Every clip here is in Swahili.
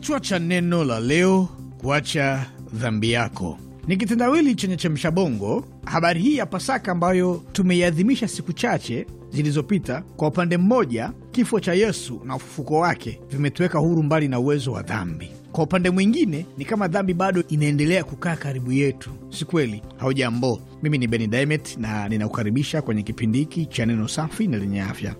Kichwa cha neno la leo, kuacha dhambi yako, ni kitendawili chenye chemsha bongo. Habari hii ya Pasaka ambayo tumeiadhimisha siku chache zilizopita, kwa upande mmoja, kifo cha Yesu na ufufuko wake vimetuweka huru mbali na uwezo wa dhambi. Kwa upande mwingine, ni kama dhambi bado inaendelea kukaa karibu yetu, si kweli? Haujambo, mimi ni Beni Dimet na ninakukaribisha kwenye kipindi hiki cha neno safi na lenye afya.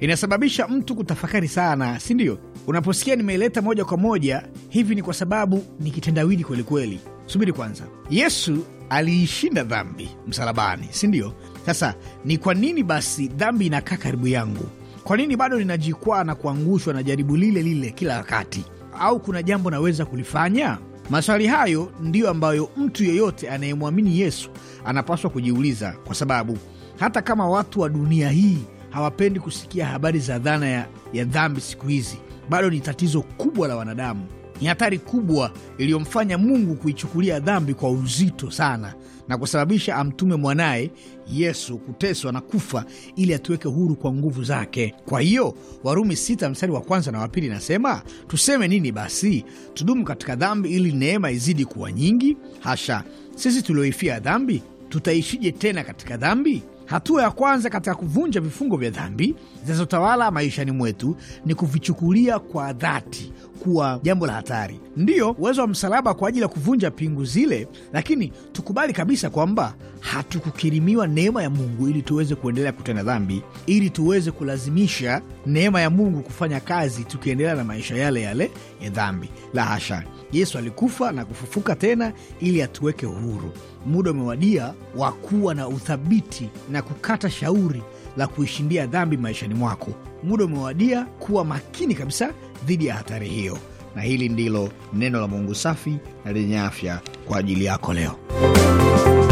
Inasababisha mtu kutafakari sana, si ndio? Unaposikia nimeileta moja kwa moja hivi, ni kwa sababu ni kitendawili kwelikweli. Subiri kwanza, Yesu aliishinda dhambi msalabani, si ndio? Sasa ni kwa nini basi dhambi inakaa karibu yangu? Kwa nini bado ninajikwaa na kuangushwa na jaribu lile lile kila wakati? Au kuna jambo naweza kulifanya? Maswali hayo ndiyo ambayo mtu yeyote anayemwamini Yesu anapaswa kujiuliza, kwa sababu hata kama watu wa dunia hii hawapendi kusikia habari za dhana ya, ya dhambi siku hizi, bado ni tatizo kubwa la wanadamu. Ni hatari kubwa iliyomfanya Mungu kuichukulia dhambi kwa uzito sana na kusababisha amtume mwanaye Yesu kuteswa na kufa ili atuweke huru kwa nguvu zake. Kwa hiyo Warumi 6 mstari wa kwanza na wa pili nasema, tuseme nini basi? Tudumu katika dhambi ili neema izidi kuwa nyingi? Hasha! Sisi tulioifia dhambi tutaishije tena katika dhambi? Hatua ya kwanza katika kuvunja vifungo vya dhambi zinazotawala maishani mwetu ni kuvichukulia kwa dhati kuwa jambo la hatari. Ndiyo uwezo wa msalaba kwa ajili ya kuvunja pingu zile, lakini tukubali kabisa kwamba hatukukirimiwa neema ya Mungu ili tuweze kuendelea kutenda dhambi, ili tuweze kulazimisha neema ya Mungu kufanya kazi tukiendelea na maisha yale yale ya dhambi. La hasha! Yesu alikufa na kufufuka tena ili atuweke uhuru. Muda umewadia wa kuwa na uthabiti na kukata shauri la kuishindia dhambi maishani mwako. Muda umewadia kuwa makini kabisa dhidi ya hatari hiyo, na hili ndilo neno la Mungu safi na lenye afya kwa ajili yako leo.